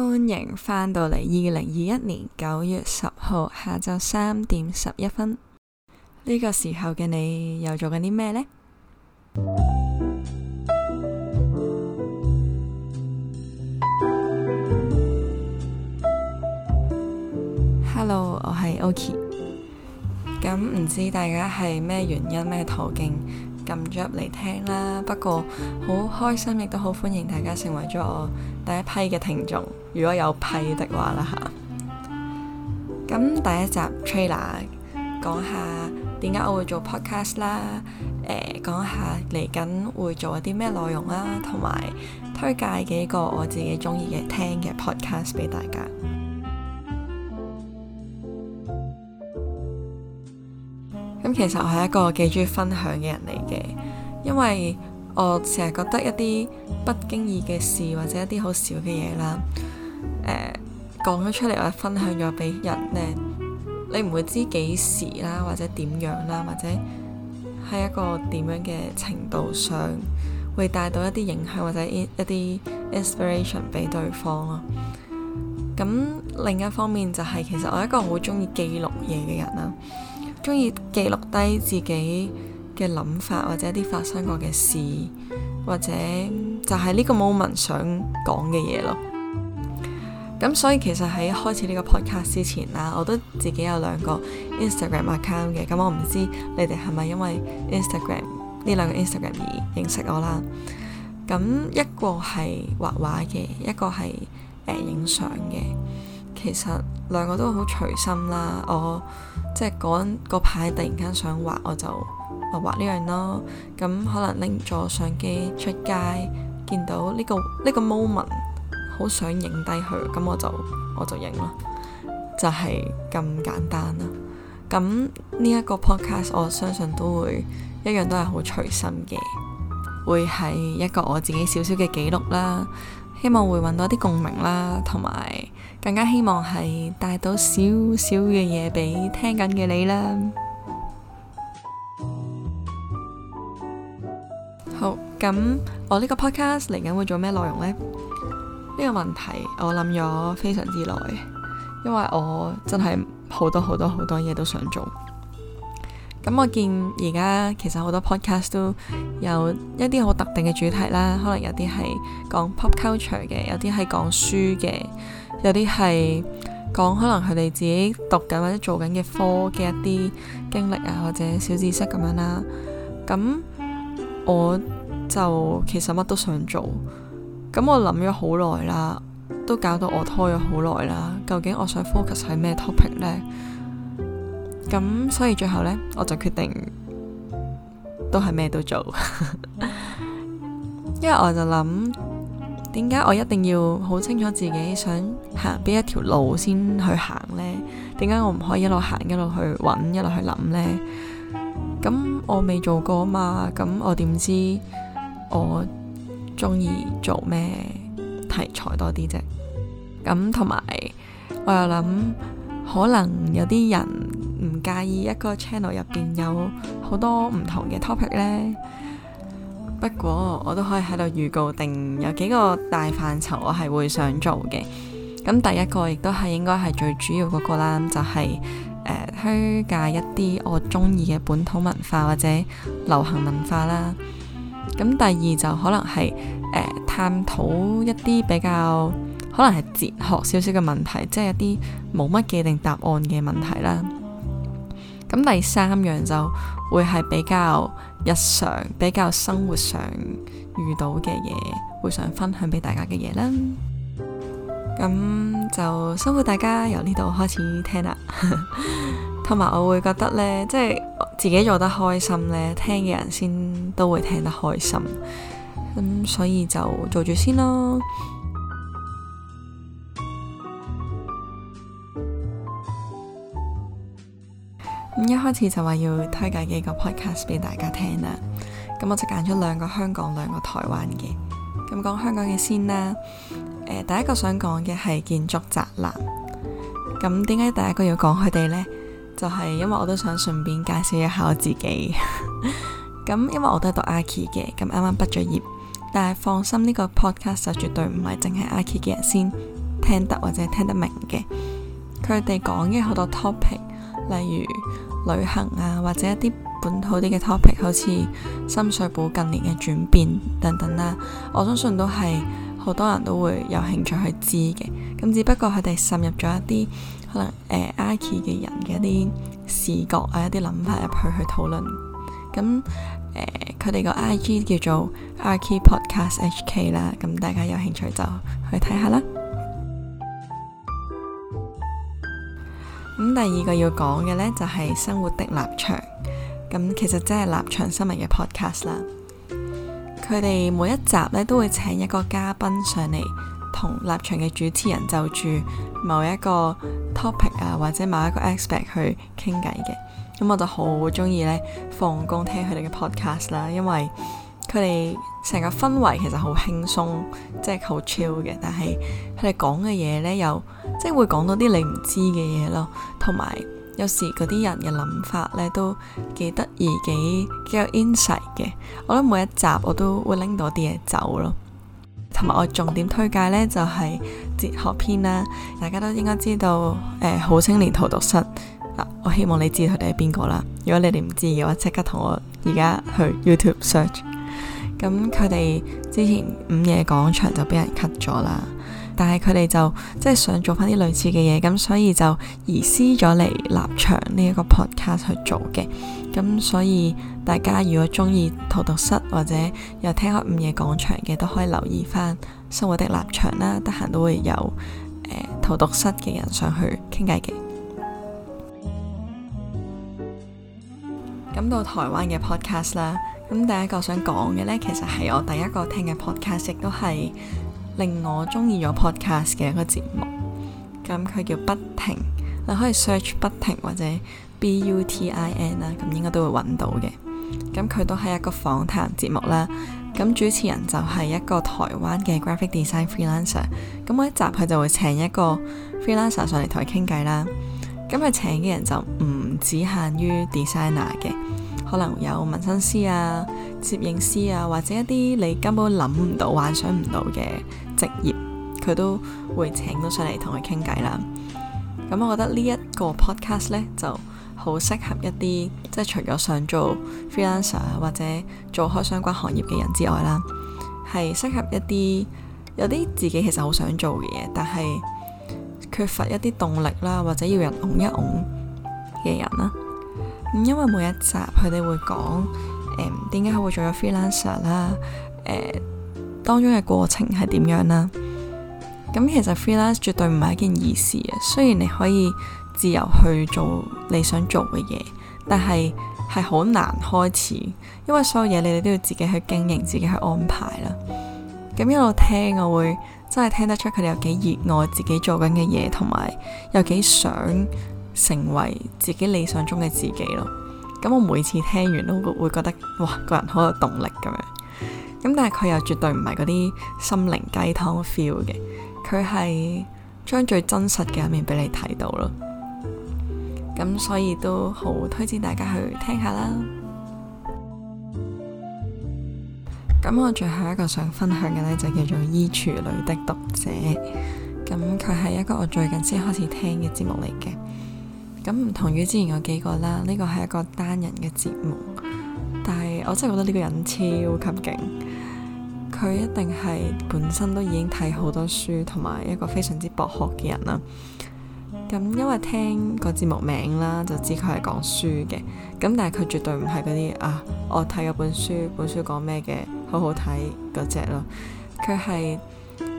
歡迎返到嚟，二零二一年九月十號下晝三點十一分呢個時候嘅你又做緊啲咩呢？Hello 我係 Oaki，咁唔知大家係咩原因咩途徑，撳咗入嚟聽啦，不過好開心，亦都好歡迎大家成為咗我第一批嘅聽眾。如果有批的話啦吓，咁第一集 trailer 講下點解我會做 podcast 啦、呃，誒，講下嚟緊會做一啲咩內容啦，同埋推介幾個我自己中意嘅聽嘅 podcast 俾大家。其實我係一個幾中意分享嘅人嚟嘅，因為我成日覺得一啲不經意嘅事或者一啲好少嘅嘢啦，誒、呃，講咗出嚟或分享咗俾人咧，你唔會知幾時啦，或者點樣啦，或者喺一個點樣嘅程度上，會帶到一啲影響或者一啲 inspiration 俾對方咯。咁另一方面就係、是，其實我係一個好中意記錄嘢嘅人啦。中意記錄低自己嘅諗法，或者啲發生過嘅事，或者就係呢個 moment 想講嘅嘢咯。咁所以其實喺開始呢個 podcast 之前啦，我都自己有兩個 Instagram account 嘅。咁我唔知你哋係咪因為 Instagram 呢兩個 Instagram 而認識我啦？咁一個係畫畫嘅，一個係誒影相嘅。其實兩個都好隨心啦，我。即係嗰排突然間想畫，我就畫畫呢樣咯。咁可能拎咗相機出街，見到呢個呢個 moment 好想影低佢，咁我就我就影咯，就係咁簡單啦。咁呢一個 podcast，我相信都會一樣都係好隨心嘅，會係一個我自己少少嘅記錄啦。希望會搵到啲共鳴啦，同埋更加希望係帶到少少嘅嘢俾聽緊嘅你啦。好，咁我呢個 podcast 嚟緊會做咩內容呢？呢、呢個問題我諗咗非常之耐，因為我真係好多好多好多嘢都想做。咁我見而家其實好多 podcast 都有一啲好特定嘅主題啦，可能有啲係講 pop culture 嘅，有啲係講書嘅，有啲係講可能佢哋自己讀緊或者做緊嘅科嘅一啲經歷啊，或者小知識咁樣啦。咁我就其實乜都想做，咁我諗咗好耐啦，都搞到我拖咗好耐啦。究竟我想 focus 喺咩 topic 呢？咁所以最後呢，我就決定都係咩都做， 因為我就諗，點解我一定要好清楚自己想行邊一條路先去行呢？點解我唔可以一路行一路去揾，一路去諗呢？咁我未做過啊嘛，咁我點知我中意做咩題材多啲啫？咁同埋我又諗。可能有啲人唔介意一個 channel 入邊有好多唔同嘅 topic 咧，不過我都可以喺度預告定有幾個大範疇我係會想做嘅。咁第一個亦都係應該係最主要嗰個啦，就係，就係誒推介一啲我中意嘅本土文化或者流行文化啦。咁第二就可能係誒、呃、探討一啲比較。可能係哲學少少嘅問題，即係一啲冇乜既定答案嘅問題啦。咁第三樣就會係比較日常，比較生活上遇到嘅嘢，會想分享俾大家嘅嘢啦。咁就辛苦大家由呢度開始聽啦。同 埋我會覺得呢，即係自己做得開心呢，聽嘅人先都會聽得開心。咁所以就做住先咯。上次就話要推介幾個 podcast 俾大家聽啦，咁我就揀咗兩個香港，兩個台灣嘅，咁講香港嘅先啦。呃，第一個想講嘅係建築宅男，咁點解第一個要講佢哋呢？就係、是、因為我都想順便介紹一下我自己。咁 因為我都係讀 Archi 嘅，咁啱啱畢咗業，但係放心呢、呢個 podcast 就絕對唔係淨係 Archi 嘅人先聽得或者聽得明嘅。佢哋講嘅好多 topic，例如～旅行啊，或者一啲本土啲嘅 topic，好似深水埗近年嘅轉變等等啦，啊，我相信都係好多人都會有興趣去知嘅。咁只不過佢哋滲入咗一啲可能誒 Archi 嘅人嘅一啲視覺啊、一啲諗法入去去討論。咁誒，佢哋個 IG 叫做 Archi Podcast HK 啦，咁大家有興趣就去睇下啦。咁第二個要講嘅呢，就係生活的立場，咁其實即係立場新聞嘅 podcast 啦。佢哋每一集呢，都會請一個嘉賓上嚟，同立場嘅主持人就住某一個 topic 啊，或者某一個 aspect 去傾偈嘅。咁我就好中意呢，放工聽佢哋嘅 podcast 啦，因為佢哋成個氛圍其實好輕鬆，即係好 chill 嘅。但係佢哋講嘅嘢呢，又即係會講到啲你唔知嘅嘢咯，同埋有，有時嗰啲人嘅諗法呢都幾得意，幾幾有 insight 嘅。我覺得每一集我都會拎到啲嘢走咯，同埋我重點推介呢就係、是《哲學篇》啦。大家都應該知道誒、呃、好青年荼毒室，我希望你知佢哋係邊個啦。如果你哋唔知嘅話，即刻同我而家去 YouTube search。咁佢哋之前午夜廣場就俾人 cut 咗啦。但係佢哋就即係想做翻啲類似嘅嘢，咁所以就移師咗嚟《立場》呢一個 podcast 去做嘅。咁所以大家如果中意《逃毒室》，或者又聽開《午夜廣場》嘅，都可以留意翻《生活的立場》啦。得閒都會有誒《逃毒室》嘅人上去傾偈嘅。咁到台灣嘅 podcast 啦，咁第一個想講嘅呢，其實係我第一個聽嘅 podcast，亦都係。令我中意咗 podcast 嘅一個節目，咁佢叫不停，你可以 search 不停，或者 b u t i n 啦，咁應該都會揾到嘅。咁佢都係一個訪談節目啦，咁主持人就係一個台灣嘅 graphic design freelancer，咁我一集佢就會請一個 freelancer 上嚟同佢傾偈啦。咁佢請嘅人就唔止限於 designer 嘅。可能有紋身師啊、攝影師啊，或者一啲你根本諗唔到、幻想唔到嘅職業，佢都會請到上嚟同佢傾偈啦。咁我覺得呢一個 podcast 呢，就好適合一啲即係除咗想做 freelancer 啊，或者做開相關行業嘅人之外啦，係適合一啲有啲自己其實好想做嘅嘢，但係缺乏一啲動力啦，或者要人拱一拱嘅人啦。因為每一集佢哋會講，誒、呃，點解佢會做咗 freelancer 啦、呃？誒，當中嘅過程係點樣啦？咁其實 freelance 絕對唔係一件易事啊！雖然你可以自由去做你想做嘅嘢，但係係好難開始，因為所有嘢你哋都要自己去經營，自己去安排啦。咁一路聽，我會真係聽得出佢哋有幾熱愛自己做緊嘅嘢，同埋有幾想。成為自己理想中嘅自己咯，咁我每次聽完都會覺得，哇，個人好有動力咁樣。咁但係佢又絕對唔係嗰啲心靈雞湯 feel 嘅，佢係將最真實嘅一面俾你睇到咯。咁所以都好推薦大家去聽下啦。咁我最後一個想分享嘅呢，就叫做衣櫥裏的讀者，咁佢係一個我最近先開始聽嘅節目嚟嘅。咁唔同於之前有幾個啦，呢個係一個單人嘅節目，但係我真係覺得呢個人超級勁，佢一定係本身都已經睇好多書，同埋一個非常之博學嘅人啦。咁因為聽個節目名啦，就知佢係講書嘅，咁但係佢絕對唔係嗰啲啊，我睇嗰本書，本書講咩嘅，好好睇嗰隻囉。佢係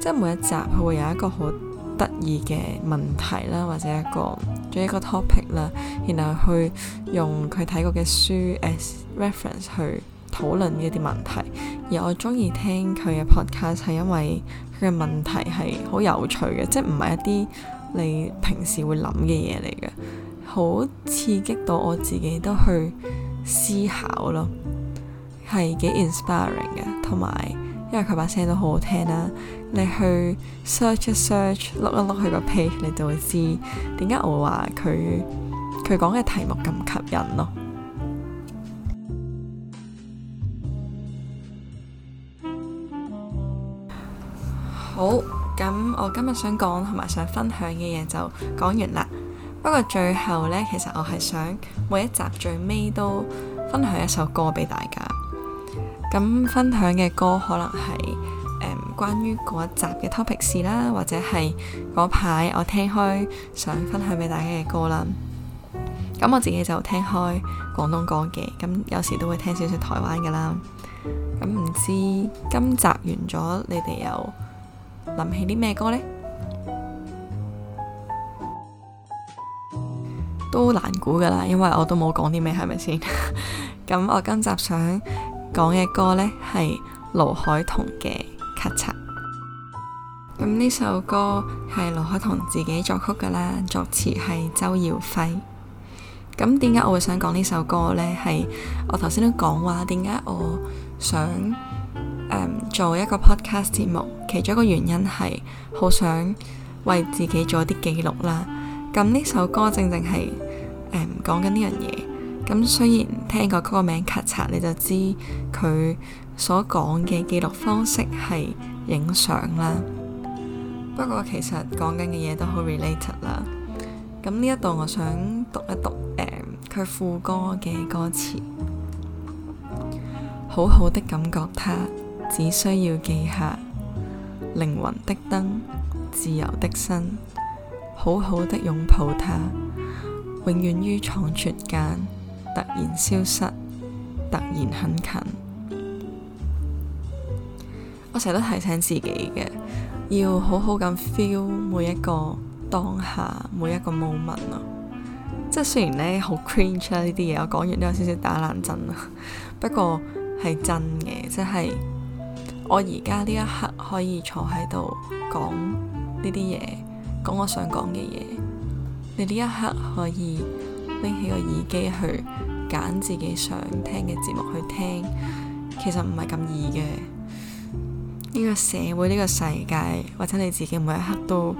即係每一集佢會有一個好得意嘅問題啦，或者一個做一個 topic 啦，然後去用佢睇過嘅書 as reference 去討論呢啲問題。而我中意聽佢嘅 podcast 係因為佢嘅問題係好有趣嘅，即係唔係一啲你平時會諗嘅嘢嚟嘅，好刺激到我自己都去思考咯，係幾 inspiring 嘅，同埋，因為佢把聲都好好聽啦、啊，你去 search 一 search，碌一碌佢個 page，你就會知點解我話佢佢講嘅題目咁吸引咯。好，咁我今日想講同埋想分享嘅嘢就講完啦。不過最後呢，其實我係想每一集最尾都分享一首歌俾大家。咁分享嘅歌可能係誒、呃、關於嗰一集嘅 topic 事啦，或者係嗰排我聽開想分享俾大家嘅歌啦。咁我自己就聽開廣東歌嘅，咁有時都會聽少少台灣噶啦。咁唔知今集完咗，你哋又諗起啲咩歌呢？都難估噶啦，因為我都冇講啲咩，係咪先？咁 我今集想。講嘅歌呢係盧凱彤嘅《咔嚓》。咁呢首歌係盧凱彤自己作曲噶啦，作詞係周耀輝。咁點解我會想講呢首歌呢？係我頭先都講話，點解我想、嗯、做一個 podcast 節目？其中一個原因係好想為自己做啲記錄啦。咁呢首歌正正係誒講緊呢樣嘢。嗯咁、嗯、雖然聽過歌名《咔嚓》，你就知佢所講嘅記錄方式係影相啦。不過其實講緊嘅嘢都好 related 啦。咁呢一度我想讀一讀佢、嗯、副歌嘅歌詞，好好的感覺他，只需要記下靈魂的燈，自由的心，好好的擁抱他，永遠於闖絕間。突然消失，突然很近。我成日都提醒自己嘅，要好好咁 feel 每一個當下，每一個 moment 啊。即係雖然咧好 cringe 啦呢啲嘢，我講完都有少少打冷震啊。不過係真嘅，即係我而家呢一刻可以坐喺度講呢啲嘢，講我想講嘅嘢。你呢一刻可以。拎起個耳機去揀自己想聽嘅節目去聽，其實唔係咁易嘅。呢個社會，呢個世界，或者你自己每一刻都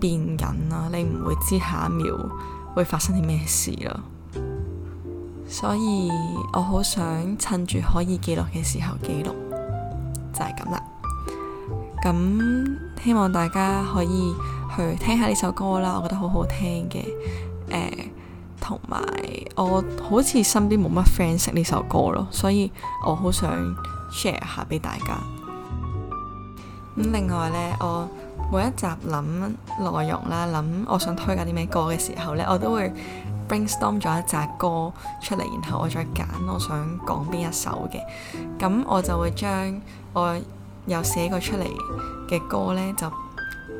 變緊啦，你唔會知下一秒會發生啲咩事啦。所以我好想趁住可以記錄嘅時候記錄，就係咁啦。咁希望大家可以去聽下呢首歌啦，我覺得好好聽嘅。誒、呃。同埋，我好似身邊冇乜 fans 識呢首歌咯，所以我好想 share 下俾大家。咁、嗯、另外呢，我每一集諗內容啦，諗我想推介啲咩歌嘅時候呢，我都會 brainstorm 咗一扎歌出嚟，然後我再揀我想講邊一首嘅。咁我就會將我有寫過出嚟嘅歌呢，就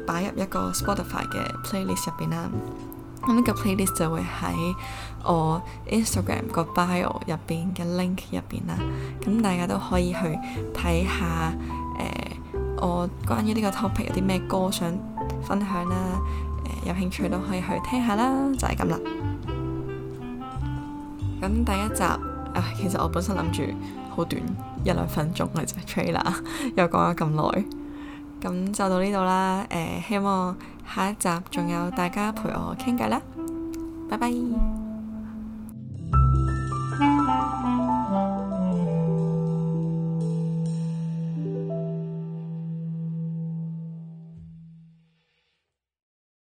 擺入一個 Spotify 嘅 playlist 入邊啦。咁呢個 playlist 就會喺我 Instagram 個 bio 入邊嘅 link 入邊啦，咁大家都可以去睇下誒、呃，我關於呢個 topic 有啲咩歌想分享啦，誒、呃、有興趣都可以去聽下啦，就係、是、咁啦。咁第一集誒、啊，其實我本身諗住好短一兩分鐘嘅啫，trailer 又講咗咁耐，咁就到呢度啦。誒、呃，希望～下一集仲有大家陪我傾偈啦，拜拜。